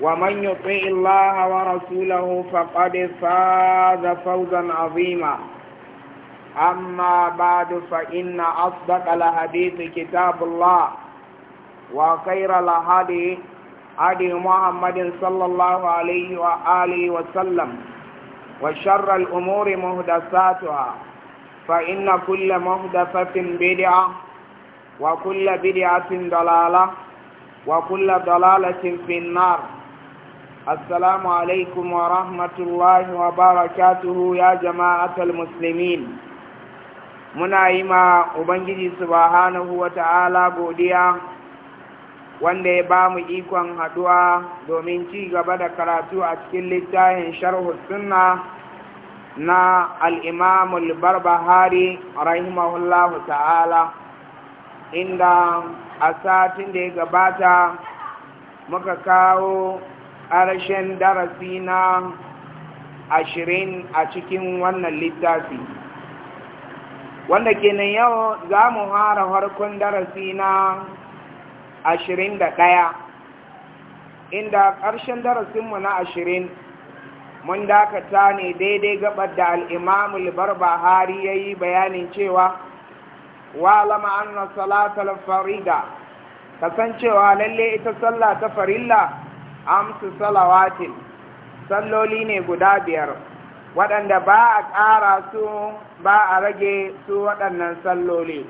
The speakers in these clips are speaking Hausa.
ومن يطع الله ورسوله فقد فاز فوزا عظيما أما بعد فإن أصدق الحديث كتاب الله وخير الهدي هدي محمد صلى الله عليه وآله وسلم وشر الأمور مهدساتها فإن كل مهدسة بدعة وكل بدعة ضلالة وكل ضلالة في النار السلام عليكم ورحمة الله وبركاته يا جماعة المسلمين muna yi ma Ubangiji subhanahu wa ta'ala godiya wanda ya ba mu ikon haduwa domin ci gaba da karatu a cikin littafin sharhu sunna na al'imamul barbahari rahimahullahu ta'ala inda a satin da ya gabata muka kawo Karshen darasi na ashirin a cikin wannan littafi wanda kenan yau za mu fara harkon darasi na ashirin da ɗaya inda ƙarshen darasinmu na ashirin mun dakata ne daidai gabar da al'imamul barbahari ya yi bayanin cewa walama na salatar farida kasancewa lalle ita sallah ta farilla amsu salawatin salloli ne guda biyar waɗanda ba a ƙara su ba a rage su waɗannan salloli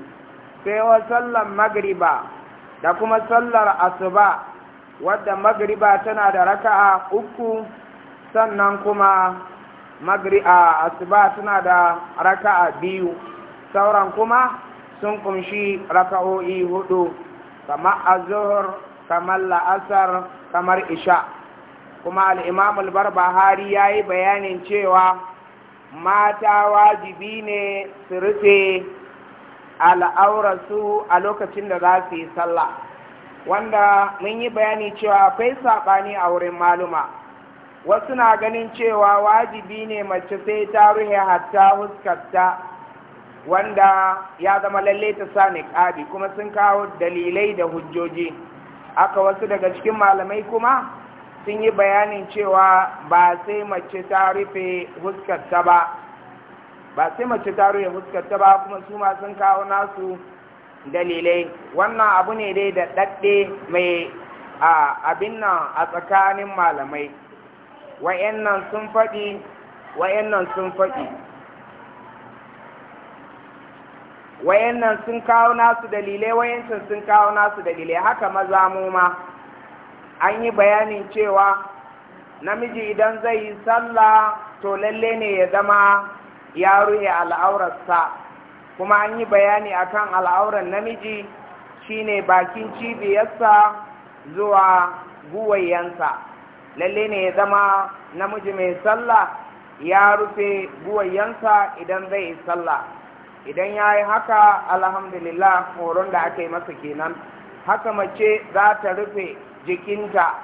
sai wa sallar magriba da kuma sallar asuba wadda magriba tana da raka'a uku sannan kuma magri'a asuba tana da raka'a biyu sauran kuma sun kunshi raka'o'i hudu kamar zuhur. kamar la'asar kamar isha kuma al'imamul bar Bahari ya yi bayanin cewa mata wajibi ne su rufe al'aurarsu a lokacin da za su yi sallah wanda mun yi bayani cewa akwai saɓani a wurin maluma wasu na ganin cewa wajibi ne mace sai ta ruhe hatta huskarta wanda ya zama lalle ta sa niƙabi kuma sun kawo dalilai da hujjoji aka wasu daga cikin malamai kuma sun yi bayanin cewa ba sai mace ta rufe huskarta ba ba sai mace ta rufe huskarta ba kuma su ma sun kawo nasu dalilai wannan abu ne dai da ɗaɗɗe mai abin nan a tsakanin malamai wa'annan sun faɗi wa'annan sun faɗi wayannan sun kawo nasu dalilai wayancan sun kawo nasu dalilai haka maza mu ma an yi bayanin cewa namiji idan zai yi sallah to lalle ne ya zama ya ruhe al'aurarsa kuma an yi bayani akan al'auran namiji shine bakin cibiyarsa zuwa guwayensa lalle ne ya zama namiji mai sallah ya rufe guwayensa idan zai yi sallah idan ya yi haka alhamdulillah horon da aka yi masa kenan haka mace za ta rufe jikinta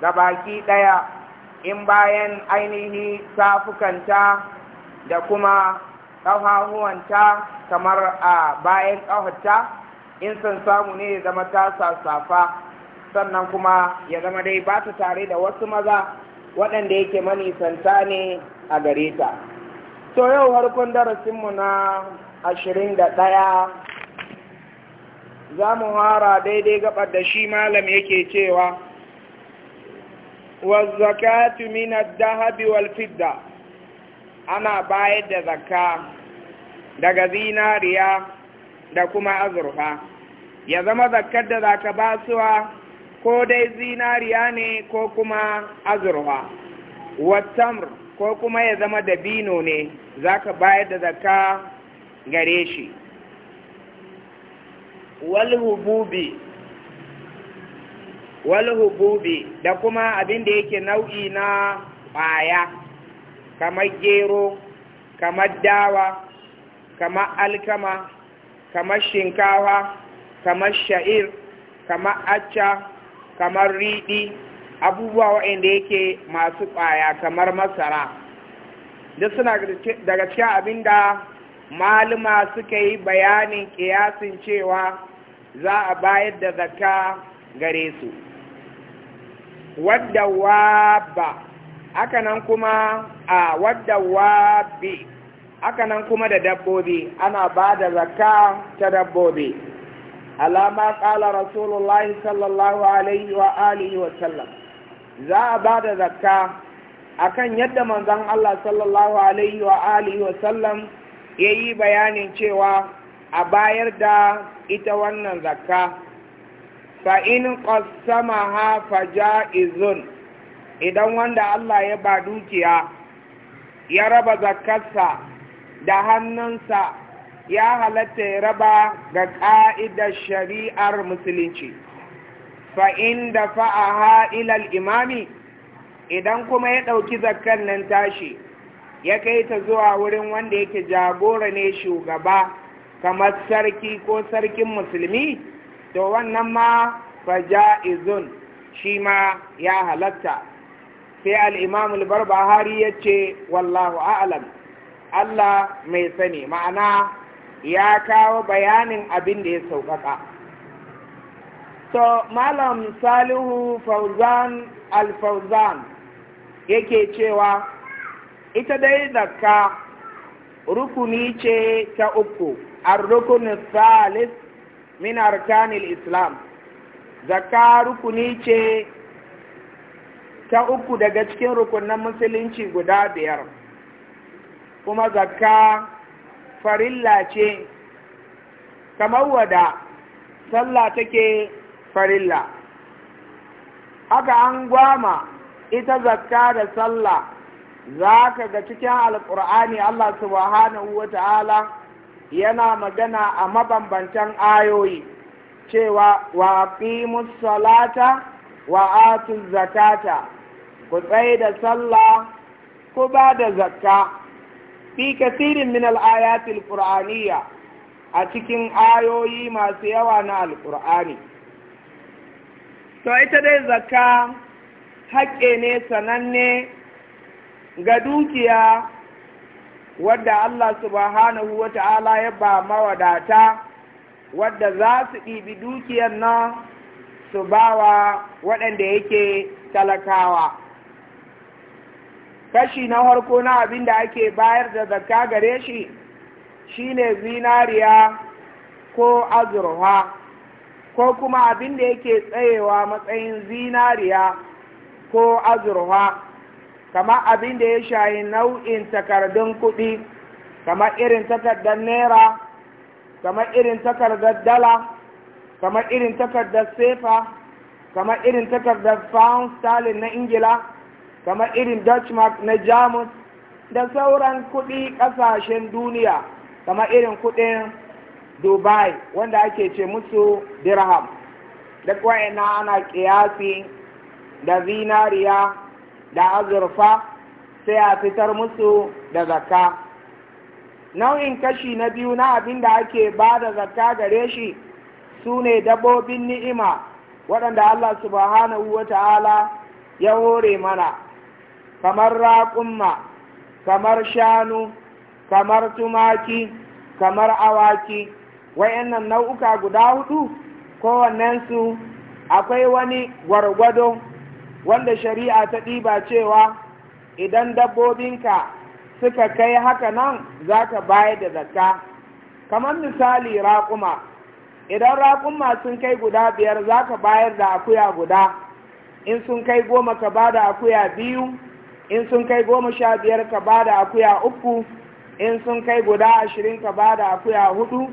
ga baki ɗaya in bayan ainihi safukanta da kuma ƙafafuwanta kamar a bayan ƙafarta in san samu ne ya zama ta sassafa sannan kuma ya zama dai ba ta tare da wasu maza waɗanda yake manisanta ne a gare ta. To yau harkon darasinmu na ashirin da ɗaya za mu hara daidai gabar da shi malam yake cewa wazzakatu min dahabi walfidda ana bayar da zakka daga zinariya da kuma azurfa ya zama zakkar da za ka basuwa ko dai zinariya ne ko kuma azurfa wat ko kuma ya zama dabino ne za ka bayar da zakka gare shi walhububi da kuma abin da yake nau'i na ƙwaya kamar gero kamar dawa kamar alkama kamar shinkawa kamar sha'ir kamar acca kamar riɗi abubuwa waɗanda yake masu ƙwaya kamar masara duk suna daga cikin abin da maluma suka yi bayanin kiyasin cewa za a bayar da zakka gare su wadda aka hakanan kuma a wadda aka hakanan kuma da dabbobi ana ba da zakka ta dabbobi alama kala rasulullahi sallallahu alaihi wa alihi wa sallam za a ba da zakka akan yadda manzon Allah sallallahu alaihi wa alihi wa sallam ya yi bayanin cewa a bayar da ita wannan zakka fa'in ƙasama ha faja idan wanda Allah ya ba dukiya ya raba zakkarsa da hannunsa ya halatta ya raba ga ƙa'idar shari'ar musulunci fa'in da fa'a ha ilal imami idan kuma ya ɗauki zakkan nan tashi ya kai ta zuwa wurin wanda yake jagora ne shugaba kamar sarki ko sarkin musulmi to wannan ma faja'izun shi ma ya halatta sai al'imam al ya ce wallahu a'alam Allah mai sani ma'ana ya kawo bayanin abin da ya sauƙaƙa so malam salihu fauzan al-fauzan yake cewa ita dai zakka rukuni ce ta uku ar-rukun salis min arkanil islam zakka rukuni ce ta uku daga cikin rukunan musulunci guda biyar kuma zakka farilla ce kamar wada sallah take farilla haka an gwama ita zakka da sallah za ka ga cikin alƙur'ani Allah subhanahu wa ta'ala yana magana a mabambantan ayoyi cewa wa fi musalata wa atu zakata ku tsaye da sallah ku ba da zakka fi kasirin min al qur'aniyya a cikin ayoyi masu yawa na alƙur'ani to ita dai zakka haƙƙe ne sananne ga dukiya wadda Allah subhanahu wa ta'ala ya ba mawadata wadda za su ɗibi dukiyar nan su bawa waɗanda yake talakawa kashi na harko na abin da ake bayar da zakka gare shi shi ne zinariya ko azurwa, ko kuma abin da yake tsayewa matsayin zinariya ko azurwa. kama abin da ya shayi nau'in takardun kuɗi kama irin takardar naira kama irin takardar dala kama irin takardar sefa kama irin takardar pound sterling na ingila kama irin mark na jamus da sauran kuɗi ƙasashen duniya kama irin kuɗin dubai wanda ake ce musu dirham da waina ana ƙiyasi da zinariya da azurfa sai a fitar musu da zakka nau'in kashi na biyu na abin da ake ba da zakka gare shi su ne dabbobin ni'ima waɗanda Allah subhanahu wa ta'ala ya hore mana kamar raƙumma kamar shanu kamar tumaki kamar awaki wayannan nau'uka guda hudu kowannensu akwai wani gwargwado wanda shari'a ta ɗiba cewa idan dabbobinka suka kai haka nan za ka bayar da zakka kamar misali raƙuma idan raƙuma sun kai guda biyar za ka bayar da akuya guda in sun kai goma ka ba da akuya biyu in sun kai goma sha biyar ka ba da akuya uku in sun kai guda ashirin ka ba da akuya hudu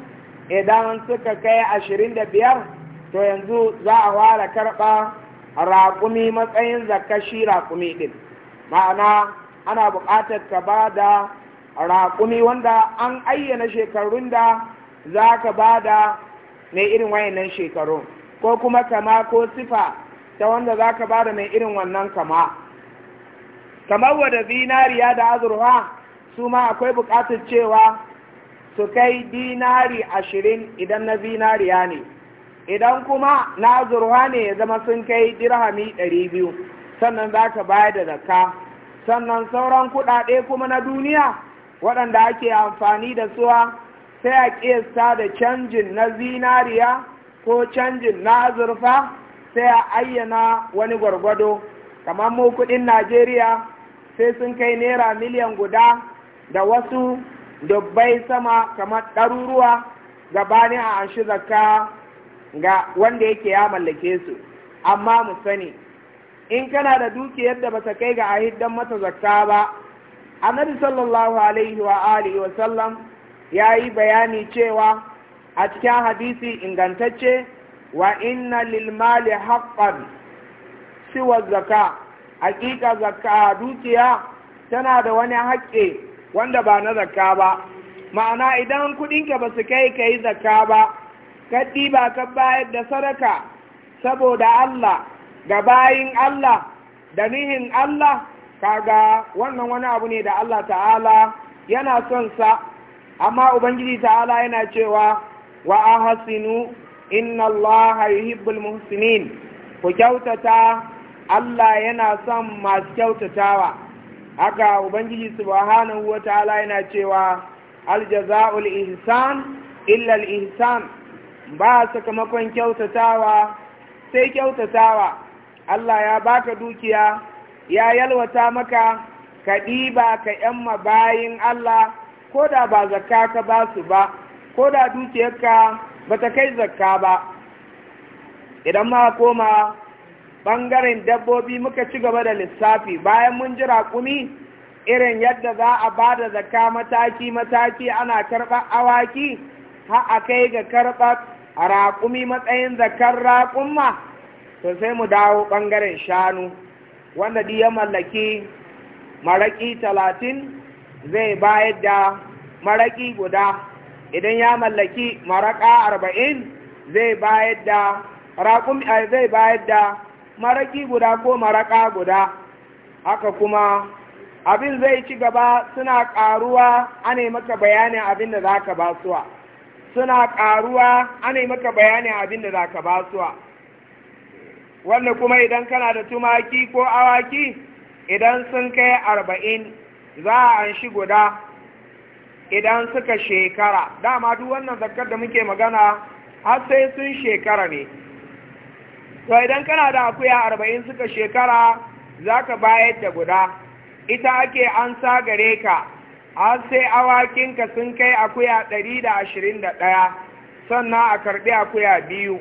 idan suka kai ashirin da biyar to yanzu za a ware karɓa raƙumi matsayin zakashi raƙumi ɗin ma'ana ana buƙatar ka ba da raƙumi wanda an ayyana shekarun da za ka ba da mai irin wayannan shekarun ko kuma kama ko sifa ta wanda za ka ba da mai irin wannan kama kamar wadda zinariya da azurwa, su ma akwai buƙatar cewa su kai dinari ashirin idan na zinariya ne idan kuma na zurwa ne ya zama sun kai dirhami ɗari biyu sannan za ka bayar da zakka sannan sauran kuɗaɗe kuma na duniya waɗanda ake amfani da suwa sai a ƙesa da canjin na zinariya ko canjin na azurfa sai a ayyana wani gwargwado kamar mu kuɗin najeriya sai sun kai naira miliyan guda da wasu dubbai sama kamar ɗaruruwa gabanin a anshi zakka ga wanda yake ya mallake su amma mu sani in kana da dukiyar da bata kai ga ahiddan mata zakka ba annabi sallallahu alaihi wa alihi wa sallam ya bayani cewa a cikin hadisi ingantacce wa inna lil mali haqqan siwa zakka hakika zakka dukiya tana da wani haƙƙi wanda ba na zakka ba ma'ana idan ka ba su kai ka yi zakka ba Kaddi ba ka bayar da sadaka saboda Allah ga bayin Allah da nihin Allah kaga wannan wani abu ne da Allah ta'ala yana son sa amma ubangiji ta'ala yana cewa wa ahsinu inna Allah yuhibbul muhsinin ku kyautata Allah yana son masu kyautatawa haka ubangiji subhanahu wa ta'ala yana cewa al aljaza'ul ihsan illa al ihsan ba sakamakon kyautatawa sai kyautatawa Allah ya baka dukiya ya yalwata maka ka ɗiba ka ‘yan bayin Allah ko da ba zakka ka ba su ba ko da dukiyarka ba ta kai zakka ba idan ma koma ɓangaren dabbobi muka ci gaba da lissafi bayan mun jira raƙumi irin yadda za a ba da zakka mataki-mataki ana karɓar awaki har a kai ga karɓar a raƙumi matsayin zakar raƙumma to sai mu dawo ɓangaren shanu wanda di ya mallaki maraƙi talatin zai bayar da maraƙi guda idan ya mallaki maraƙa arba'in zai bayar da raƙumi eh, zai bayar da maraƙi guda ko maraƙa guda haka kuma abin zai ci gaba suna ƙaruwa ana maka bayanin abin da za ka basuwa. suna ƙaruwa ana yi maka bayani abin da za ka ba suwa wanda kuma idan kana da tumaki ko awaki idan sun kai arba'in za a an shi guda idan suka shekara dama duk wannan zakar da muke magana har sai sun shekara ne to idan kana da akuya arba'in suka shekara za ka bayar da guda ita ake an gare ka har sai awakinka sun kai akuya ɗari da ashirin da ɗaya sannan a karɓi akuya biyu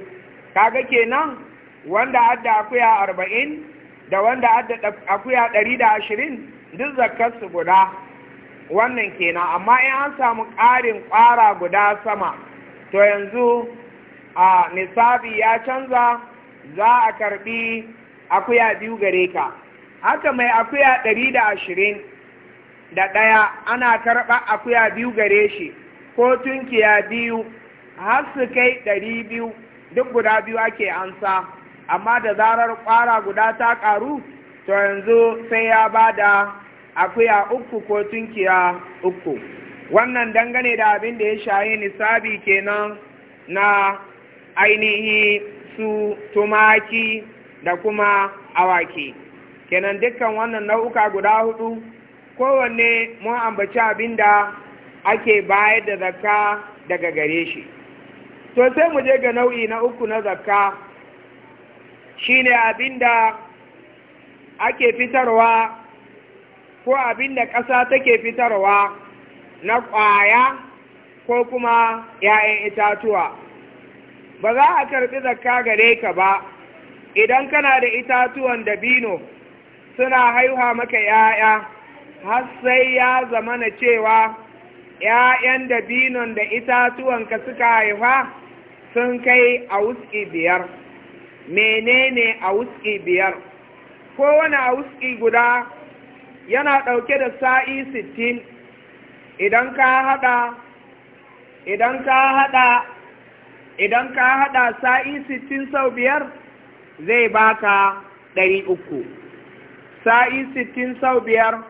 kaga kenan wanda adda akuya arba'in da wanda adda akuya ɗari da ashirin duk zakarsu guda wannan kenan amma in an samu ƙarin ƙwara guda sama to yanzu a nisabi ya canza za a karɓi akuya biyu gare ka haka mai akuya ɗari da ashirin da ɗaya ana karɓa akuya biyu gare shi ko tunkiya biyu har su kai ɗari biyu duk guda biyu ake ansa amma da zarar ƙwara guda ta ƙaru to yanzu sai ya ba da akuya uku ko tunkiya uku wannan dangane da abin da ya shayi nisabi kenan na ainihi su tumaki da kuma awaki kenan dukkan wannan nau'uka guda hudu kowanne mun ambaci abin da ake bayar da zakka daga gare shi to sai mu je ga nau'i na uku na zakka shine abin da ake fitarwa ko abin da ƙasa take fitarwa na ƙwaya ko kuma ‘ya'yan itatuwa ba za a karɓi zakka gare ka ba idan kana da itatuwan dabino suna haihuwa maka ‘ya'ya har sai ya zamana cewa ‘ya'yan dabinon da itatuwanka suka haifa sun kai a wuski biyar, menene a wuski biyar, kowane a wuski guda yana ɗauke da sa'i sittin idan ka haɗa idan ka haɗa idan ka haɗa sa'i sittin sau biyar zai baka ɗari uku sa'i sittin sau biyar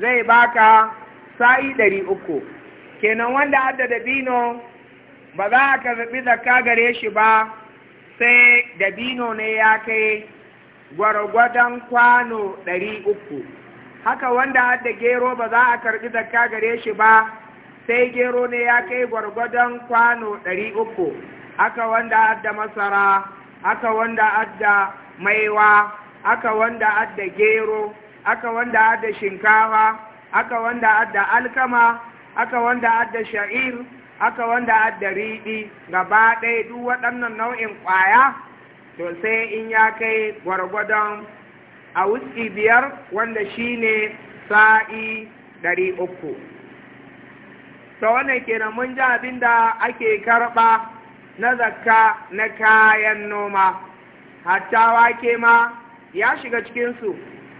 zai baka sa'i ɗari uku kenan wanda adda dabino ba za a karɓi zakka gare shi ba sai dabino ne ya kai gwargwadon kwano ɗari uku haka wanda adda gero ba za a karɓi zakka gare shi ba sai gero ne ya kai gwargwadon kwano ɗari uku haka wanda adda masara haka wanda adda maiwa haka wanda adda gero aka wanda adda shinkawa aka wanda adda alkama aka wanda adda sha'ir aka wanda adda riɗi gaba ɗaya duk waɗannan nau'in kwaya to sai in ya kai gwargwadon a wutsi biyar wanda shine sa'i ɗari uku to wannan kenan mun ji abin da ake karɓa na zakka na kayan noma hatta wake ma ya shiga cikinsu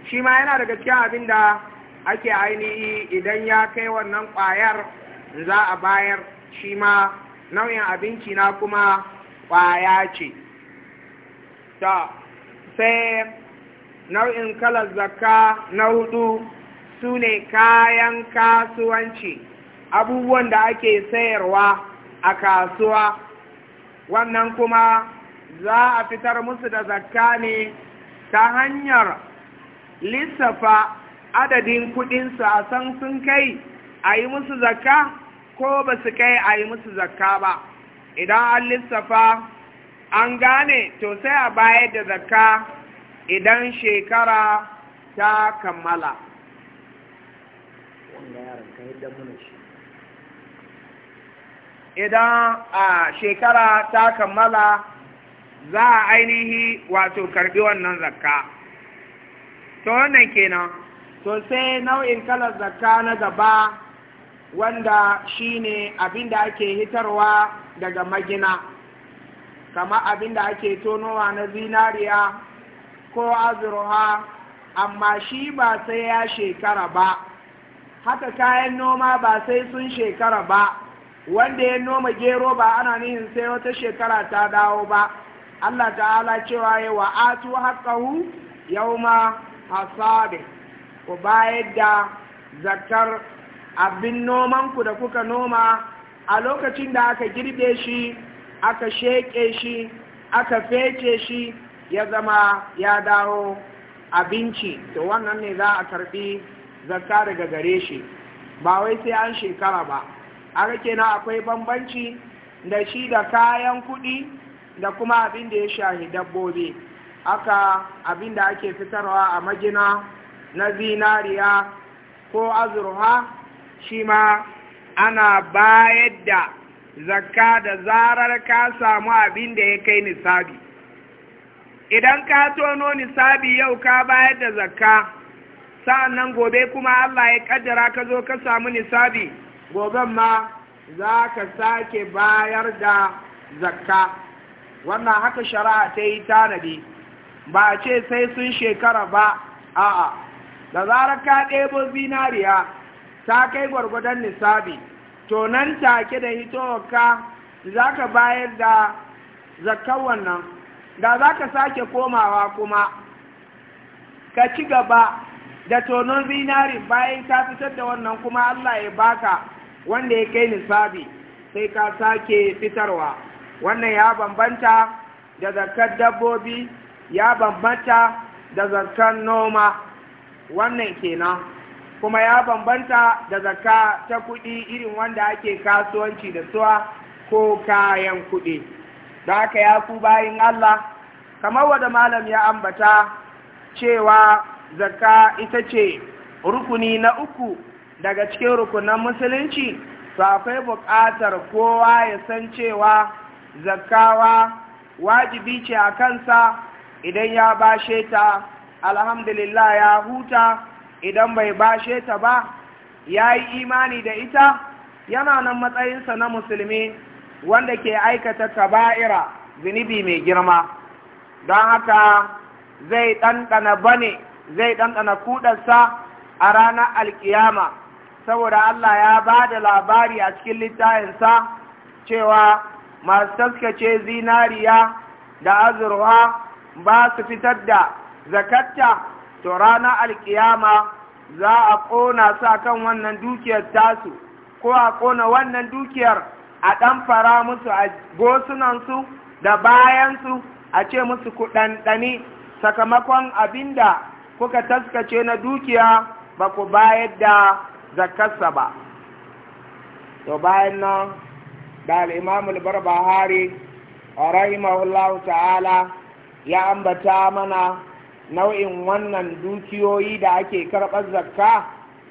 shi ma yana da cikin abin da ake ainihi idan ya kai wannan ƙwayar za a bayar shi ma nau'in abinci na kuma ƙwaya ce ta sai nau'in kalar zakka na hudu su ne kayan kasuwanci abubuwan da ake sayarwa a kasuwa wannan kuma za a fitar musu da zakka ne ta hanyar lissafa adadin kudinsu a san sun kai a yi musu zakka ko ba su kai a yi musu zakka ba idan an lissafa an gane to sai a bayar da zakka idan shekara ta kammala idan a shekara ta kammala za a ainihi wato karbi wannan zakka to wannan kenan to sai nau'in kalar zakka na gaba wanda shine abin da ake hitarwa daga magina kama abin da ake tonowa na zinariya ko azurha amma shi ba sai ya shekara ba haka kayan noma ba sai sun shekara ba wanda ya noma gero ba ana nihin sai wata shekara ta dawo ba Allah ta'ala cewa ya wa'atu yau ma. asabe ku bayar da zakar abin nomanku da kuka noma a lokacin da aka girbe shi aka sheƙe shi aka fece shi ya zama ya dawo abinci to wannan ne za a karɓi zakka daga gare shi ba wai sai an shekara ba aka kenan akwai bambanci da shi da kayan kuɗi da kuma abin da ya shahi dabbobi aka abin da ake fitarwa a magina na zinariya ko azurha shi ma ana bayar da zakka da zarar ka samu abin da ya kai nisabi idan ka tono nisabi yau ka bayar da zakka nan gobe kuma Allah ya kaddara ka zo ka samu nisabi goben ma za ka sake bayar da zakka wannan haka shara'a ta yi tanadi ba a ce sai sun shekara ba a'a da zarar ka ɗebo zinariya ta kai gwargwadon nisabi to nan take da hitowarka za ka bayar da zakkan wannan da za ka sake komawa kuma ka ci gaba da tonon zinari bayan ta fitar da wannan kuma Allah ya baka wanda ya kai nisabi sai ka sake fitarwa wannan ya bambanta da zakkar dabbobi ya bambanta da zakan noma wannan kenan kuma ya bambanta da zaka ta kuɗi irin wanda ake kasuwanci da suwa ko kayan kuɗi da aka ya ku bayin Allah kamar wada malam ya ambata cewa zaka ita ce rukuni na uku daga cikin rukunan musulunci to akwai buƙatar kowa ya san cewa zakawa wajibi ce a kansa idan ya bashe ta alhamdulillah ya huta idan bai bashe ta ba ya yi imani da ita yana nan matsayinsa na musulmi wanda ke aikata kaba'ira zunubi mai girma don haka zai ɗanɗana bane zai ɗanɗana kudarsa a ranar alkiyama saboda Allah ya ba da labari a cikin littayinsa cewa masu taskace zinariya da azurwa ba su fitar da zakatta to rana alkiyama za a ƙona su a kan wannan dukiyar tasu ko a ƙona wannan dukiyar a ɗan fara musu a gosunansu da bayansu a ce musu kuɗanɗani sakamakon abin da kuka taskace na dukiya ba ku bayar da zakarsa ba to bayan nan da al'imamul a rahimahullahu ta'ala ya ambata mana nau'in wannan dukiyoyi da ake karɓar zakka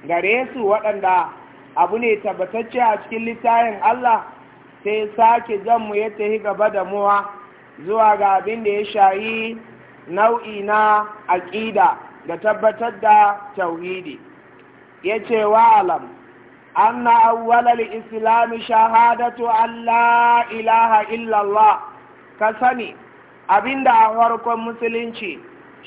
gare su waɗanda abu ne tabbatacce a cikin littafin Allah sai sake mu ya tafi gaba da muwa zuwa ga abin da ya shayi nau'i na aƙida da tabbatar da tauhidi ya ce wa alam anna awwalal islami shahadatu an la ilaha illallah ka sani abinda an warkon musulunci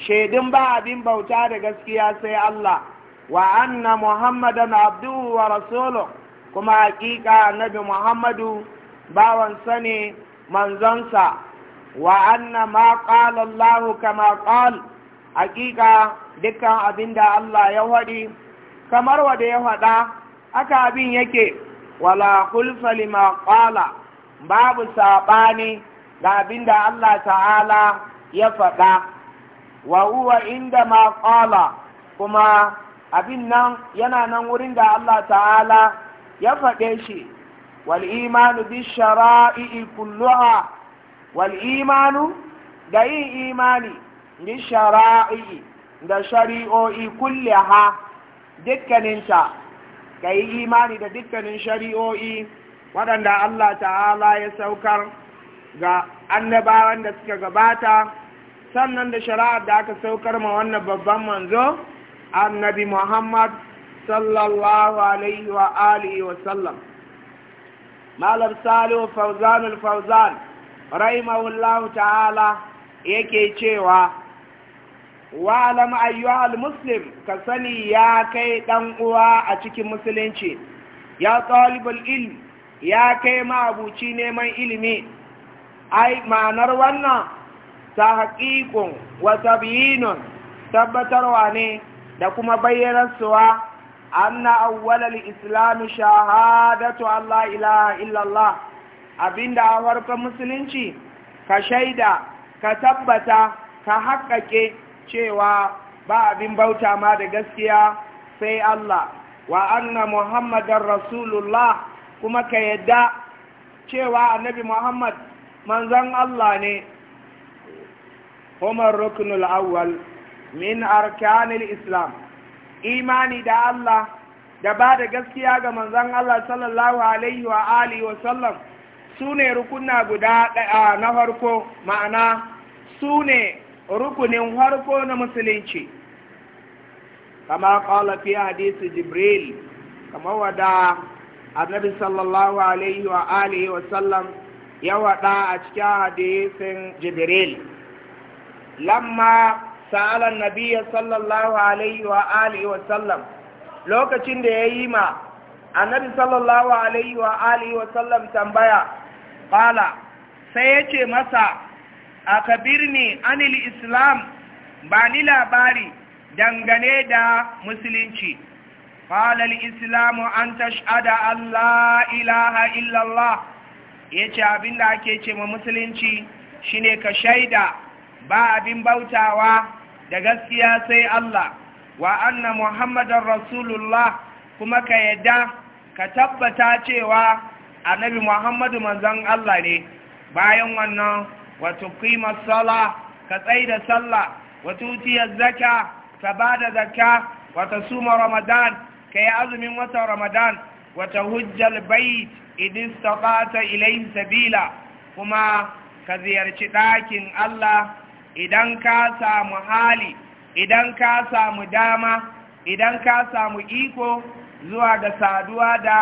shaidun ba abin bauta da gaskiya sai Allah wa anna muhammadan abduhu wa rasuluhu kuma hakika nabi muhammadu bawansa ne manzonsa wa anna ma qala Allah kama qala hakika dukkan abin da Allah ya wadi kamar wanda ya faɗa haka abin yake wala khulfa lima qala babu saɓani. ga abin da Allah ta'ala ya faɗa wa huwa inda ma ƙala kuma abin nan yana nan wurin da Allah ta'ala ya faɗe shi wal imanu bi shara'i kulluha wal imanu da yin imani bi shara'i da shari'o'i kulliha dukkaninta ka yi imani da dukkanin shari'o'i waɗanda Allah ta'ala ya saukar ga annabawan da suka gabata sannan da shari'ar da aka saukar ma wannan babban manzo annabi Muhammad sallallahu alaihi wa alihi wa sallam malam salihu fauzanul fauzan rahimahullahu ta'ala yake cewa wa alam ayyuhal muslim ka sani ya kai dan uwa a cikin musulunci ya talibul ilm ya kai ma abuci neman ilimi ai ma'anar wannan ta haƙiƙun wata biyinun tabbatarwa ne da kuma bayyanarsuwa anna awwalal islami shahadatu Allah ilaha illallah abinda a farkon musulunci ka shaida ka tabbata ka haƙaƙe cewa ba abin bauta ma da gaskiya sai Allah wa anna muhammadar rasulullah kuma ka yadda cewa annabi muhammad manzan Allah ne Umar ruknul awwal min arkanil islam imani da Allah da ba da gaskiya ga manzan Allah sallallahu alaihi wa alihi wa sallam su ne rukunna guda ɗaya na farko ma'ana su ne rukunin farko na musulunci kama kala fi hadisi jibril kama wada annabi sallallahu alaihi wa alihi wa sallam ya waɗa a cikin hadisin jibril lamma sa'alan nabiya sallallahu alaihi wa alihi wa sallam lokacin da ya yi ma annabi sallallahu alaihi wa alihi wa sallam tambaya qala sai ya ce masa Kabirni anil islam ba ni labari dangane da musulunci qala al islamu an tashhada an ilaha illallah ya ce abin da ake ce ma musulunci shine ka shaida ba abin bautawa da gaskiya sai Allah wa anna muhammadar rasulullah kuma ka yadda ka tabbata cewa annabi muhammadu manzan Allah ne bayan wannan wato kimar sala ka da sallah wato zaka ta ba da zaka wata suma ramadan ka yi azumin watan ramadan wata hujjal bait idin sabata ilayin sabila kuma ka ziyarci ɗakin Allah idan ka samu hali idan ka samu dama idan ka samu iko zuwa ga saduwa da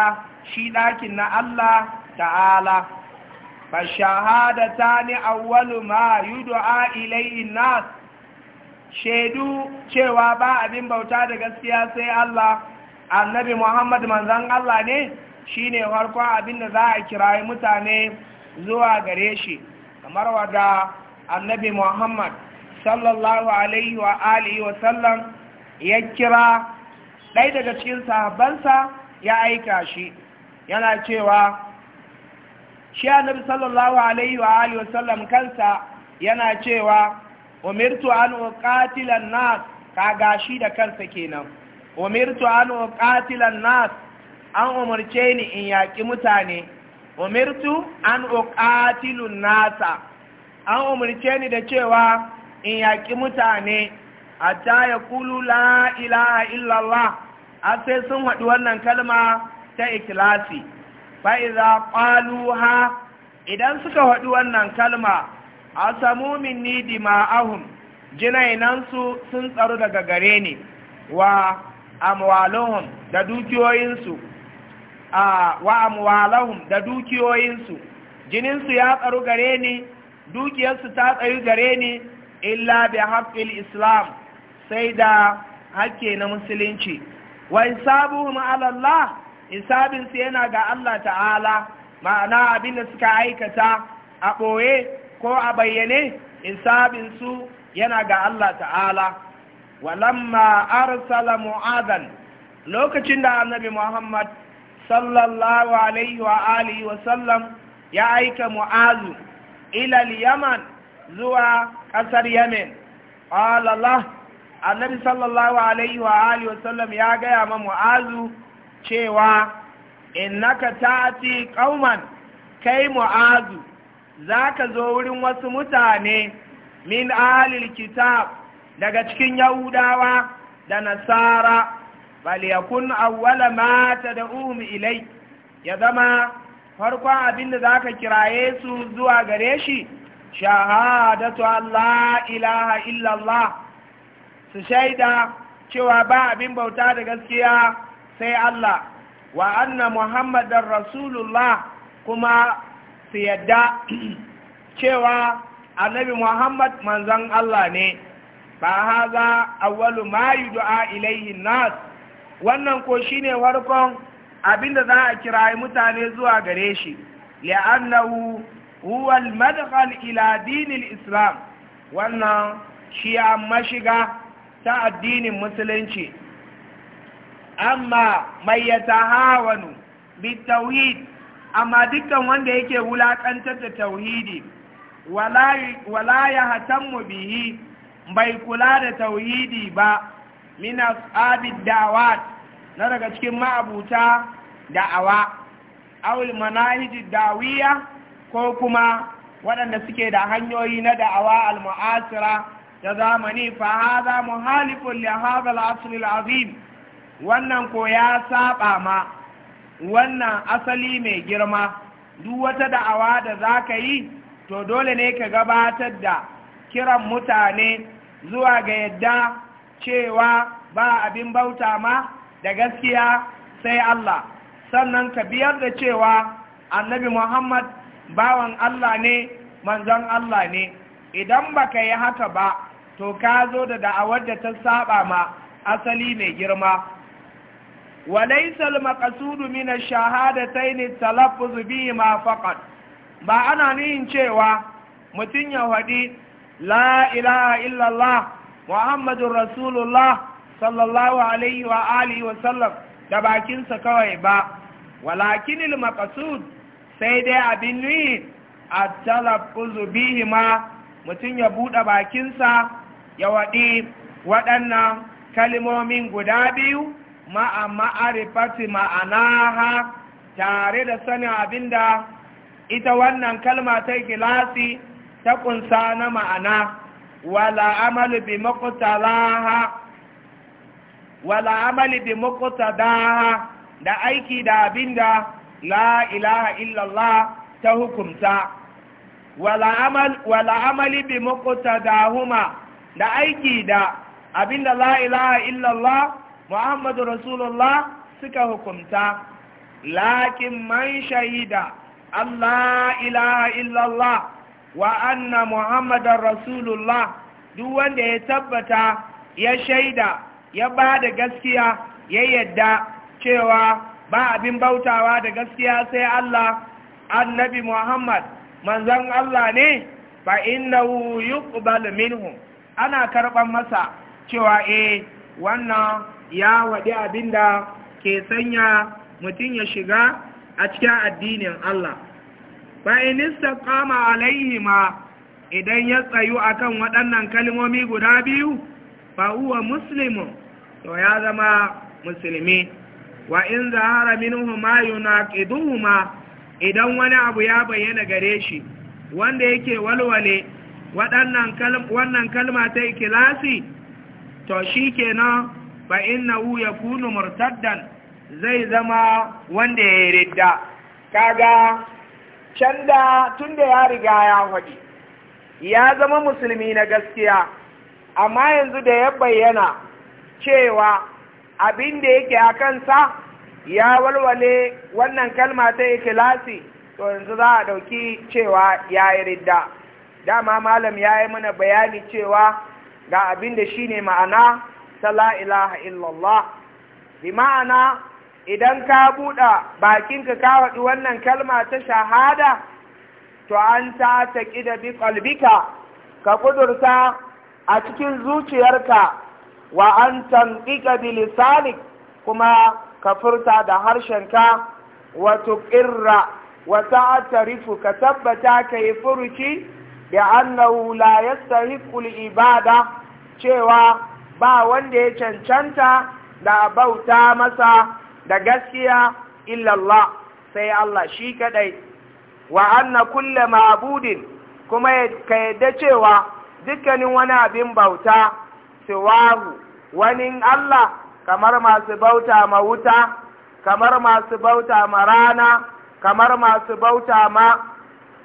shi ɗakin na Allah ta'ala shahada ta ni awwalu ma yud'a ilayin nas shaidu cewa ba abin bauta da gaskiya sai Allah annabi Muhammad manzon Allah ne shine farkon abin da za a kirayi mutane zuwa gare shi kamar wada annabi muhammad sallallahu alaihi wa alihi wa sallam ya kira ɗaya daga cikin sahabbansa ya aika shi yana cewa shi annabi sallallahu alaihi wa alihi wa sallam kansa yana cewa umirtu an qatilan nas kaga shi da kansa kenan umirtu an qatilan nas an umarce ni in yaƙi mutane umirtu an uqatilun nasa an umarce ni da cewa in yaƙi mutane ta ya kulu la a illallah har sai sun haɗu wannan kalma ta ikilasi fa'iza ha, idan suka haɗu wannan kalma a samu minni nan jinainansu sun tsaru daga gare ni wa amwalohun da dukiyoyinsu wa amwalahum da dukiyoyinsu jininsu ya tsaru gare ni dukiyarsu ta tsayu gare ni illa bi haqqil islam sai da hakke na musulunci wa isabuhum ala Allah isabin su yana ga Allah ta'ala ma'ana abin da suka aikata a boye ko a bayyane isabin su yana ga Allah ta'ala walamma arsala mu'adhan lokacin da annabi Muhammad sallallahu alaihi wa alihi wa sallam ya aika mu'azu ilal yaman zuwa kasar yamen Allah annabi sallallahu alaihi wa alihi wa sallam ya gaya ma mu'azu cewa innaka ta'ati qauman kai mu'azu zaka zo wurin wasu mutane min ahlil kitab daga cikin yahudawa da nasara faliyakun awwala ma tad'uhum ilai ya zama farkon abin da zaka kiraye su zuwa gare shi shahadatu Allah ilaha illallah su shaida cewa ba abin bauta da gaskiya sai Allah wa anna muhammadar rasulullah kuma su yadda cewa annabi muhammad manzon Allah ne ba haza awwalu ma yud'a ilayhi nas wannan ko ne warkon abinda za a kira mutane zuwa gare shi li'annahu huwal al ila dinil islam wannan shi a mashiga ta addinin musulunci amma mai yatahawanu bitawhid amma dukkan wanda yake wulakantar da tauhidi wala ya hatammu bihi bai kula da tauhidi ba min ashabid dawat na daga cikin ma'abuta da'awa awul manahij dawiya ko kuma waɗanda suke da hanyoyi na da'awa al-mu'asira da zamani fa hadha muhalifun li hadha al-asl al-azim wannan ko ya saba ma wannan asali mai girma duk wata da'awa da zaka yi to dole ne ka gabatar da kiran mutane zuwa ga yadda cewa ba abin bauta ma da gaskiya sai Allah sannan ka biyar da cewa annabi Muhammad bawan Allah ne manzon Allah ne idan baka yi haka ba to ka zo da da'awar da ta saba ma asali mai girma walaysa al-maqsudu min ash-shahadatayn at-talaffuz bihima faqat ba ana nihin cewa mutum ya wadi la ilaha illallah muhammadun rasulullah sallallahu alaihi wa alihi wa sallam da bakinsa kawai ba walakin al maqsud sai dai abin ni a kuzu bihi ma mutum ya buɗe bakinsa ya wadi waɗannan kalmomin guda biyu ma'a ma'arifati ma'anaha tare da sanin abinda ita wannan kalma ta kilasi ta ƙunsa na ma'ana wala amalu bi maqtalaha wala amali bi muqtada da aiki da abinda la ilaha illallah ta hukumta wala amal wala amali bi muqtadahuma da aiki da abinda la ilaha illallah muhammadu rasulullah suka hukumta lakin man shahida Allah ilaha illallah wa anna muhammadar rasulullah duk wanda ya tabbata ya shaida ya ba da gaskiya ya yadda cewa ba abin bautawa da gaskiya sai Allah annabi Muhammad manzon Allah ne fa innahu yuqbal minhum ana karɓar masa cewa eh wannan ya abin da ke sanya mutum ya shiga a cikin addinin Allah fa in alaihi ma idan ya tsayu akan waɗannan kalmomi guda biyu ba uwa muslimun to ya zama musulmi wa in zahara minhu ma yunaqiduhuma idan wani abu ya bayyana gare shi wanda yake walwale waɗannan wannan kalma ta ikilasi to shikenan fa innahu yakunu murtaddan zai zama wanda ya ridda kaga canda tunda ya riga ya haɗi ya zama musulmi na gaskiya amma yanzu da ya bayyana cewa abin da yake a kansa ya walwale wannan kalma ta ikilasi to yanzu za a ɗauki cewa ya yi ridda dama malam ya yi mana bayani cewa ga abin da shi ne ma'ana ta la'ilaha illallah bi ma'ana idan ka buɗa bakinka ka waɗi wannan kalma ta shahada to an ta taƙi da bi ƙalbika ka ƙudurta a cikin zuciyarka wa an tantika bi kuma ka furta da harshenka wa tuqirra wa ta'tarifu ka tabbata kai furuci bi annahu la yastahiqu ibada cewa ba wanda ya cancanta da bauta masa da gaskiya illallah sai Allah shi kadai wa anna kullu ma'budin kuma ka yadda cewa dukkanin wani abin bauta siwahu wani Allah kamar masu bauta ma wuta kamar masu bauta ma rana kamar masu bauta ma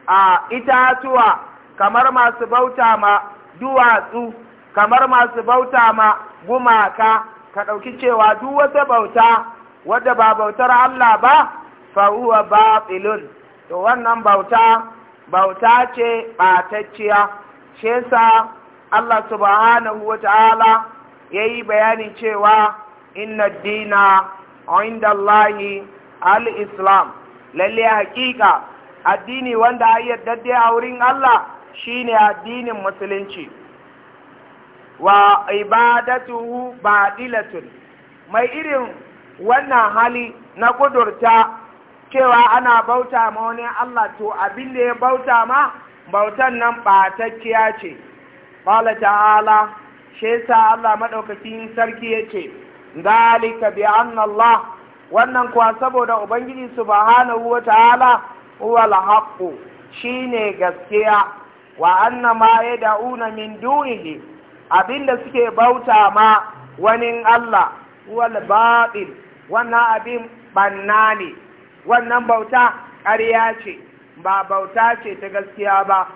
a itatuwa kamar masu bauta ma duwatsu kamar masu bauta ma gumaka ka ɗauki cewa duk wata bauta wadda ba bautar Allah ba fahuwa batilun to wannan bauta bauta ce ɓatacciya shesa Allah subhanahu wa ta'ala ya yi bayanin cewa inna dina inda Allahi al'islam lalle haƙiƙa addini wanda a yadda a wurin Allah shi ne addinin musulunci wa ibadatuhu dilatun mai irin wannan hali na kudurta cewa ana bauta ma wani Allah to abin da ya bauta ma bautan nan ba ta ce. Ƙwala ta'ala shi yasa Allah madaukakin sarki yace zalika bi anna Allah wannan kuwa saboda ubangiji subhanahu wataala huwal haqqu shine gaskiya wa anna ma yad'una min dunihi abinda suke bauta ma wani Allah huwal batil wannan abin banna wannan bauta ƙarya ce ba bauta ce ta gaskiya ba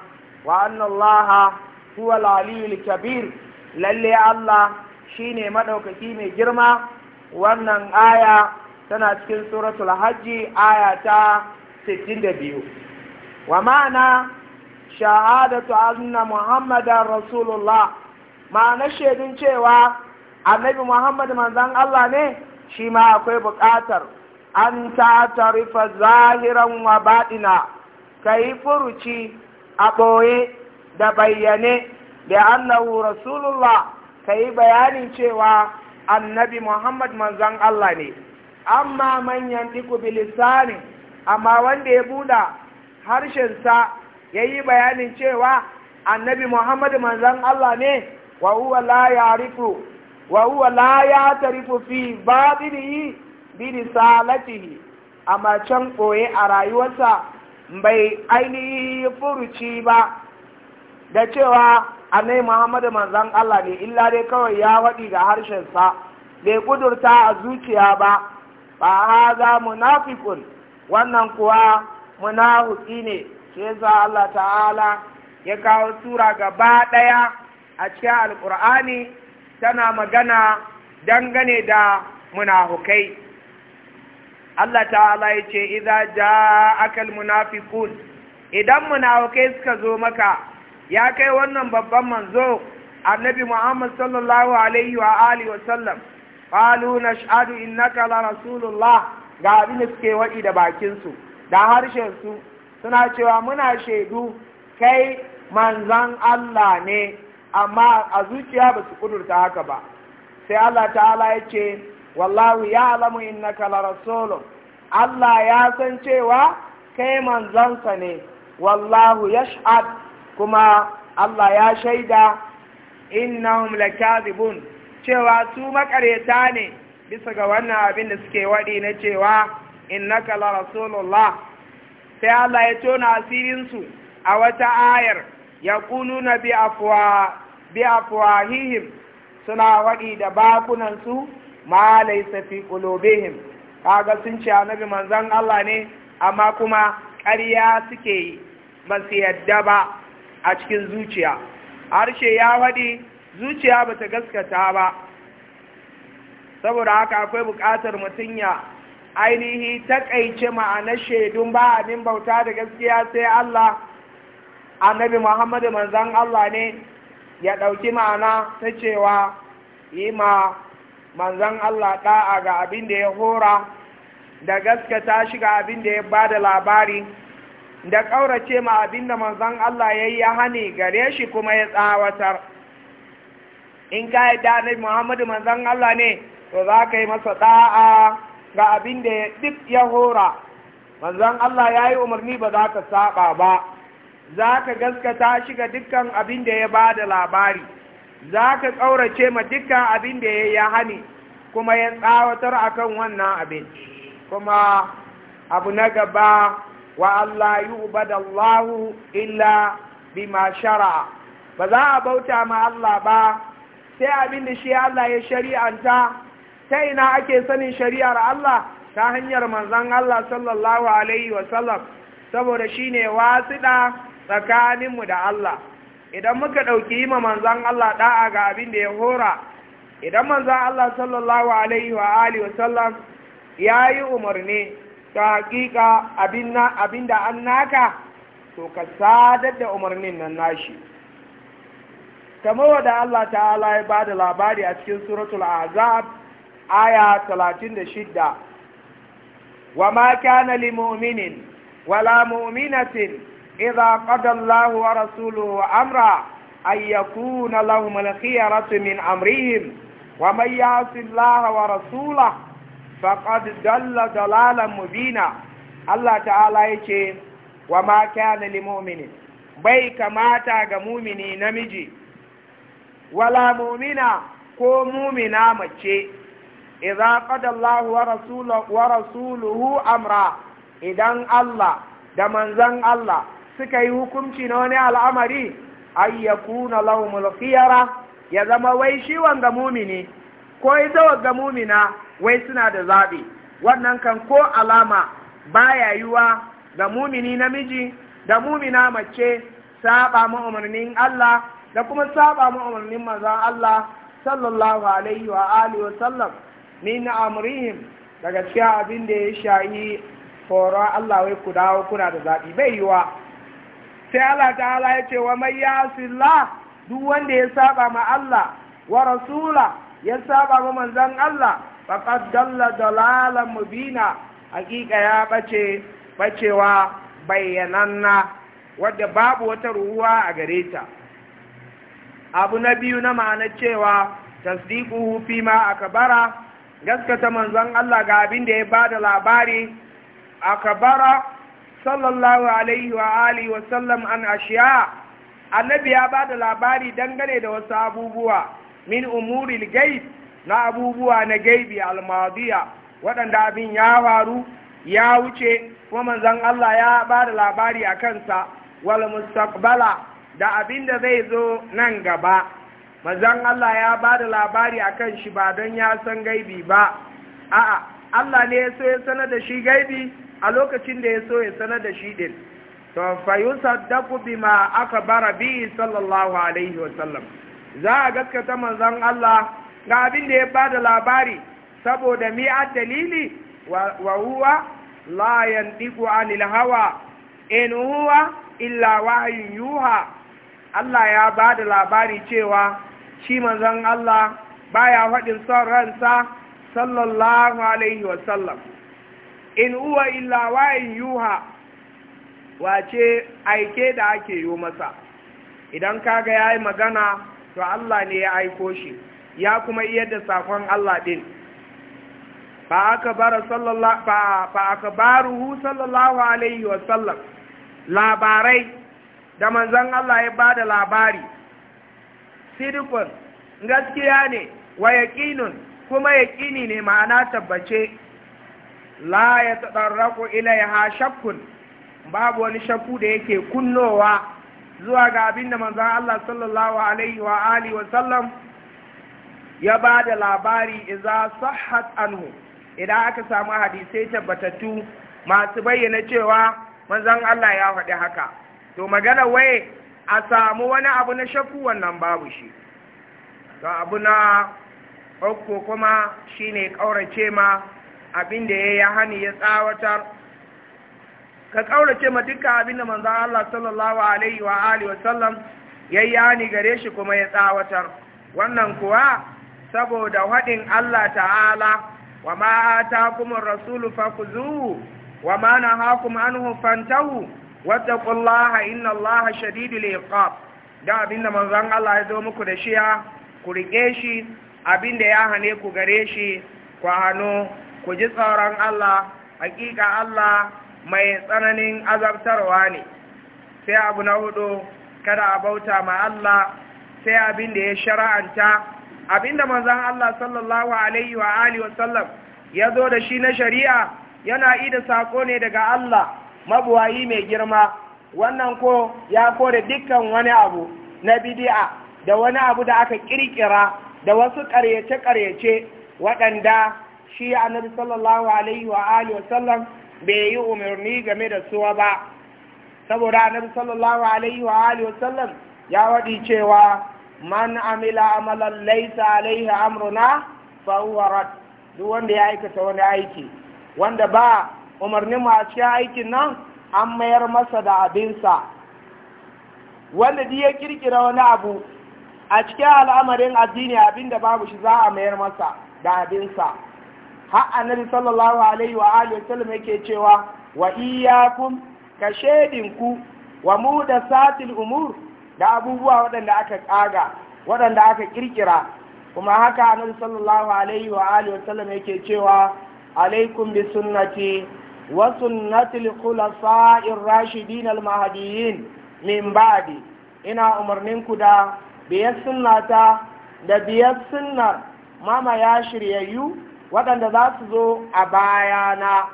wa anna Allah huwal aliyul kabir lalle Allah shi ne maɗaukaki mai girma wannan aya tana cikin suratul hajji aya ta biyu. wa ma'ana shahadatu anna muhammadan rasulullah ma'ana shaidun cewa annabi muhammad manzon Allah ne shi ma akwai buƙatar an ta tarifa zahiran wa baɗina ka yi furuci a ɓoye da bayyane da annahu rasulullah ka bayanin cewa annabi muhammad manzan Allah ne amma manyan diku bilisani amma wanda ya buɗa harshensa ya yi bayanin cewa annabi muhammad manzan Allah ne wa huwa la ya'rifu wa huwa la ya'tarifu fi batinihi bi risalatihi amma can koye a rayuwarsa bai ainihi furuci ba da cewa annai muhammadu manzan Allah ne illa dai kawai ya waɗi da sa bai kudurta a zuciya ba ba haza munafikun wannan kuwa munafuki ne shi yasa Allah ta'ala ya kawo tura gaba ɗaya a cikin alƙur'ani tana magana dangane da munafukai Allah ta'ala ya ce idza ja'akal munafiqun idan munafukai suka zo maka ya kai wannan babban manzo annabi Muhammad sallallahu alaihi wa alihi wa sallam qalu nash'adu innaka la rasulullah ga abin da suke waɗi da bakin su da harshen su suna cewa muna shaidu kai manzan Allah ne amma a zuciya ba su kudurta haka ba sai Allah ta'ala ya ce wallahu ya ya'lamu innaka la rasulun Allah ya san cewa kai manzansa ne wallahu yash'ad kuma Allah ya shaida innahum lakazibun cewa su makareta ne bisa ga wannan abin da suke waɗi na cewa innaka la rasulullah sai Allah ya tona asirin a wata ayar ya kununa afwa bi hihim suna waɗi da bakunan su ma laisa fi qulubihim kaga sun ce annabi manzon Allah ne amma kuma ƙarya suke yi ba su yadda ba a cikin zuciya harshe ya faɗi zuciya ba ta gaskata ba saboda haka akwai buƙatar mutum ya ainihi taƙaice ma'anar shaidun ba abin bauta da gaskiya sai Allah annabi Muhammadu manzan Allah ne ya ɗauki ma'ana ta cewa yi ma manzan Allah ɗa'a ga abin da ya hora da gaskata shiga abin da ya ba da labari da ƙaurace ma abin da manzan Allah ya yi hane gare shi kuma ya tsawatar in ka yi daɗin Muhammadu manzan Allah ne to za ka yi masa ɗa'a ga abin da ya duk ya hora manzan Allah ya yi umarni ba za ka saɓa ba za ka gaskata shi ga dukkan abin da ya ba da labari za ka ƙaurace ma dukkan abin da ya yi hani kuma ya tsawatar a kan wannan abin kuma abu na gaba wa Allah yu'bada Allah illa bima shara ba za a bauta ma Allah ba sai abin da shi Allah ya shari'anta ta ina ake sanin shari'ar Allah ta hanyar manzan Allah sallallahu alaihi wa sallam saboda shine wasiɗa tsakaninmu da Allah idan muka ɗauki yi ma manzan Allah ɗa'a ga abin da ya hora idan manzan Allah sallallahu alaihi wasallam ya yi umarni ta hakika abin da an naka to ka sadar da umarnin nan nashi kamar wadda Allah ta'ala ya ba da labari a cikin suratul azab aya 36 wa ma kana li mu'minin wala mu'minatin idza qada Allahu wa rasuluhu amra ay yakuna lahum al-khiyaratu min amrihim wa man ya'si Allah wa rasulahu faƙad dalla dalalan mubina Allah ta'ala yace wa ma kana lil bai kamata ga mumini namiji wala mumina ko mumina mace idza qada wa rasuluhu amra idan Allah da manzon Allah suka yi hukunci na wani al'amari ayyakuna lahumul khiyara ya zama wai shi ga mumini ko ita ga mumina wai suna da zaɓi wannan kan ko alama baya yiwa da mumini namiji da mumina mace saba mu umarnin Allah da kuma saba mu umarnin manzon Allah sallallahu alaihi wa alihi wa sallam min amrihim daga cikin abin da ya shayi horon Allah wai ku dawo kuna da zaɓi bai yiwa sai Allah ta'ala ya ce wa mai yasilla duk wanda ya saba ma Allah wa rasula ya saba ma manzon Allah faqad dalla dalalan mubina hakika ya bace bacewa bayyananna wadda babu wata ruwa a gare ta abu na biyu na ma'ana cewa tasdiku fi ma akbara gaskata manzon Allah ga abin da ya bada labari akbara sallallahu alaihi wa alihi wa sallam an ashiya annabi ya ba da labari dangane da wasu abubuwa min umuril ghaib na abubuwa na gaibi almadiya waɗanda abin ya faru ya wuce kuma manzon Allah ya ba da labari a kansa wal mustaqbala da abin da zai zo nan gaba manzon Allah ya ba da labari a kan shi ba don ya san gaibi ba a'a Allah ne ya so ya sanar da shi gaibi a lokacin da ya so ya sanar da shi din to fa yusaddaqu bima akbara bi sallallahu alaihi wa sallam za a gaskata manzon Allah ga abin da ya ba da labari saboda mi'a dalili wa huwa layan diku anil hawa in huwa illa wahyun yuha Allah ya ba da labari cewa shi manzon Allah baya faɗin son ransa sallallahu alaihi wasallam in huwa illa wahyun yuha wace aike da ake yi masa idan kaga yayi magana to Allah ne ya aiko shi ya kuma iya da sakon Allah din Ba aka bara sallallahu aka sallallahu alaihi wa sallam labarai da manzon Allah ya bada labari sidqun gaskiya ne wa yaqinun kuma yaqini ne ma'ana tabbace la ya tadarraku ilaiha shakkun babu wani shakku da yake kunnowa zuwa ga abin da manzon Allah sallallahu alaihi wa alihi wa sallam ya ba da labari iza sahhat anhu idan aka samu hadisai tabbatattu masu bayyana cewa manzon Allah ya faɗi haka to magana waye a samu wani abu na shakku wannan babu shi to abu na uku kuma shine kaurace ma abin da yayi hani ya tsawatar ka kaurace ma duka abin da manzon Allah sallallahu alaihi wa alihi wa sallam yayi hani gare shi kuma ya tsawatar wannan kuwa saboda haɗin Allah ta'ala wa ma kuma rasulu fakuzuhu wa ma nahakum anhu fantahu wattaqullaha innallaha shadidu abin da abinda manzon Allah ya zo muku da shiya ku riƙe shi abinda ya hane ku gare shi ku hano ku ji tsoron Allah hakika Allah mai tsananin azabtarwa ne sai abu na hudu kada a bauta ma Allah sai abin da ya shara'anta abinda manzan Allah sallallahu alaihi wa alihi wasallam ya zo da shi na shari'a yana ida sako ne daga Allah mabuwayi mai girma wannan ko ya kore dukkan wani abu na bidi'a da wani abu da aka kirkira da wasu karyace-karyace waɗanda shi annabi sallallahu alaihi wa alihi wasallam bai yi umarni game da suwa ba saboda annabi sallallahu alaihi wa alihi wasallam ya waɗi cewa man amila amalan laisa alaihi amruna fa huwa rad duk wanda ya aikata wani aiki wanda ba umarnin a cikin aikin nan an mayar masa da abinsa wanda duk ya kirkira wani abu a cikin al'amarin addini abinda babu shi za a mayar masa da abinsa har annabi sallallahu alaihi wa alihi wasallam yake cewa wa iyyakum ka wa mudasatil umur da abubuwa waɗanda aka ƙaga waɗanda aka ƙirƙira kuma haka annabi sallallahu alaihi wa alihi wasallam yake cewa alaikum bi sunnati wa sunnati al-khulafa'ir rashidin al-mahdiyyin min ba'di ina umarnin ku da biyar sunnata da biyar sunnar mama ya shiryayyu waɗanda za su zo a bayana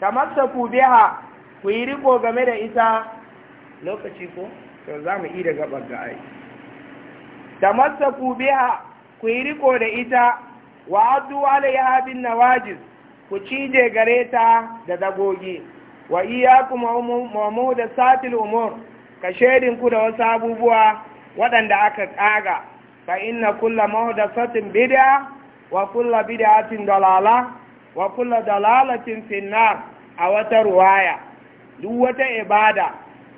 tamassaku biha ku yi riko game da ita lokaci ko to za mu ida da gabar da ai tamassaku biha ku yi riko da ita wa addu ya bin nawajis ku cije gare ta da dagogi wa iyyakum wa da satil umur ka shedin ku da wasu abubuwa waɗanda aka kaga fa inna kulla muhdathatin bid'a wa kulla bid'atin dalala wa kulla dalalatin finnar a wata ruwaya duk wata ibada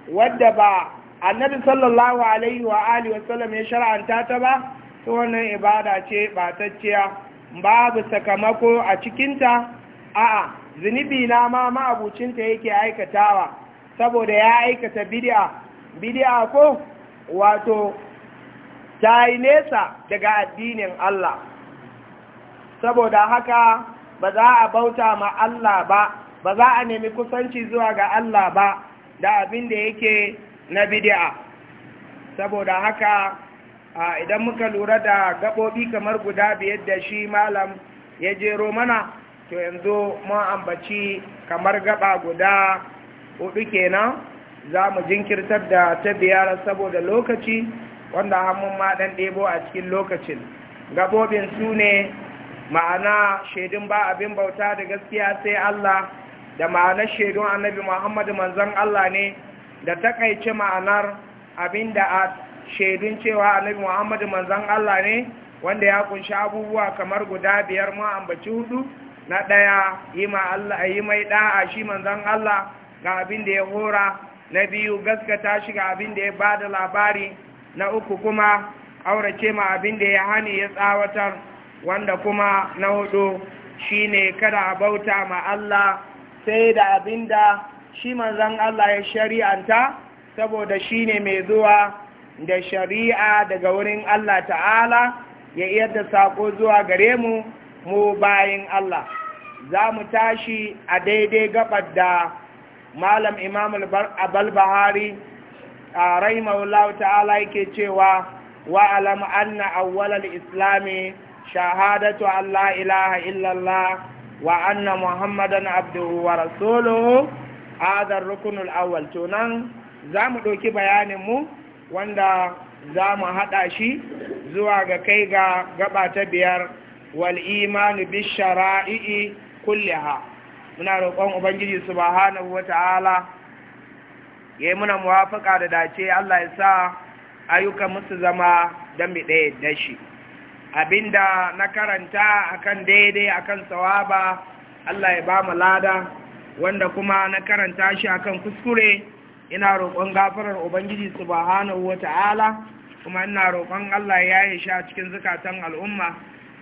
wadda ba annabi sallallahu alaihi wa alihi wasallam ya shar'anta ta ba to wannan ibada ce batacciya babu sakamako a cikinta a'a zunubi na ma ta yake aikatawa saboda ya aikata bid'a bid'a ko wato ta yi nesa daga addinin Allah saboda haka ba za a bauta ma Allah ba ba za a nemi kusanci zuwa ga Allah ba da abin da yake na bidi'a saboda haka idan muka lura da gaɓoɓi kamar guda biyar da shi malam ya jero mana to yanzu mun ambaci kamar gaɓa guda hudu kenan za mu jinkirtar da ta biyar saboda lokaci wanda mun ma dan ɗebo a cikin lokacin gaɓoɓin su ne ma'ana shaidun ba abin bauta da gaskiya sai Allah da ma'anar shaidun annabi Muhammadu manzon Allah ne da takaice ma'anar abinda a shaidun cewa annabi Muhammadu manzon Allah ne wanda ya kunshi abubuwa kamar guda biyar mu ambaci hudu na daya yi ma Allah yi mai da'a shi manzon Allah ga abin da ya hora na biyu gaskata shi ga abin da ya bada labari na uku kuma aurace ma abin da ya hani ya tsawatar wanda kuma na hudu shine kada a bauta ma Allah sai da abinda shi manzan Allah ya shari'anta saboda shi ne mai zuwa da shari'a daga wurin Allah ta'ala ya iya ta saƙo zuwa gare mu mu bayan Allah za mu tashi a daidai gabar da malam imam al-balbahari a rahimahullahu ta'ala yake cewa wa alam anna awwalal islami shahadatu Allah, la ilaha illallah wa anna muhammadan abduhu wa rasuluhu hadar rukunin awwal to nan za mu ɗauki mu wanda za mu haɗa shi zuwa ga kai ga gaba ta biyar wal imanu bi shara'i'i kulliha muna roƙon ubangiji subhanahu wata'ala ya yi muna muwafaka da dace Allah ya sa ayyukan musu zama don ɗaya da shi abinda na karanta akan daidai akan sawaba Allah ya ba mu lada wanda kuma na karanta shi a kan kuskure ina roƙon gafarar ubangiji subhanahu ta'ala, kuma ina roƙon Allah ya yi sha cikin zukatan al'umma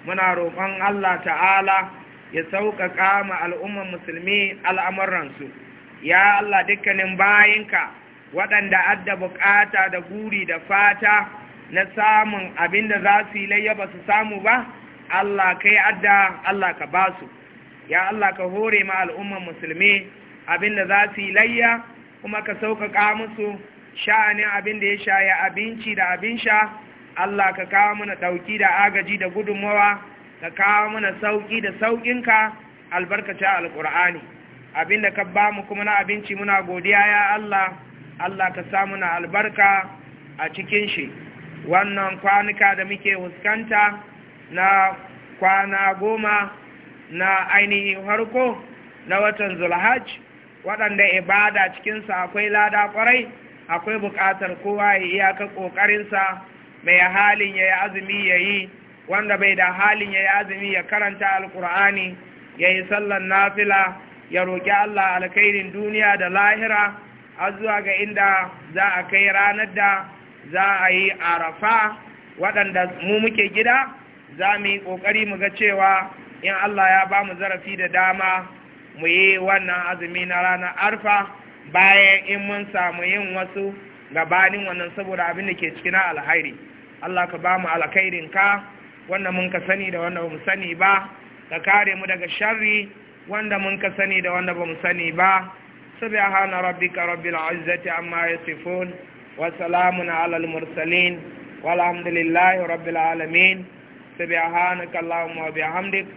muna roƙon Allah ta'ala ya sauƙaƙa ma al'umman musulmi al'amuransu ya Allah dukkanin bayinka waɗanda adda buƙata da guri da fata na samun abin da za su yi layya ba su samu ba Allah kai adda Allah ka basu ya Allah ka hore ma al'umman musulmi abin da za su yi layya kuma ka sauƙaƙa musu sha'anin abin da ya shaye abinci da abin sha Allah ka kawo mana ɗauki da agaji da gudunmawa ka kawo mana sauƙi da sauƙinka albarkaci alƙur'ani abin da ka ba mu kuma na abinci muna godiya ya Allah Allah ka sa muna albarka a cikin shi wannan kwanuka da muke huskanta na kwana goma na ainihin harko na watan zulhaj waɗanda ibada cikinsa akwai lada ƙwarai, akwai buƙatar kowa ya iyaka ƙoƙarinsa mai halin ya yi azumi ya yi wanda bai da halin ya yi azumi ya karanta alƙur'ani ya yi sallan nafila ya roƙi allah alkairin duniya da lahira a zuwa ga inda za a kai ranar da za a yi arafa waɗanda mu muke gida za mu yi ƙoƙari mu ga cewa in Allah ya ba mu zarafi da dama mu yi wannan azumi na ranar arfa bayan in mun samu yin wasu gabanin wannan saboda abin da ke cikin alhairi Allah ka ba mu alkhairin ka wanda mun ka sani da wanda bamu sani ba ka kare mu daga sharri wanda mun ka sani da wanda bamu sani ba subhana rabbika rabbil izzati amma yasifun wa salamun al mursalin walhamdulillahi rabbil alamin subhanaka allahumma wa bihamdika